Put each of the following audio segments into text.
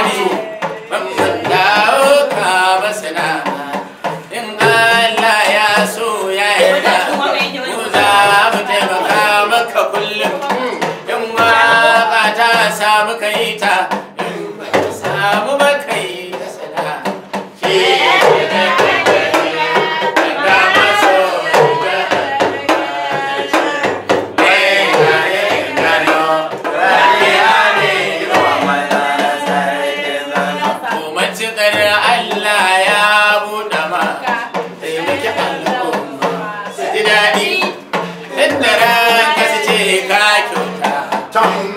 아멘.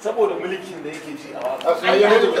saboda mulkin da yake ji a waka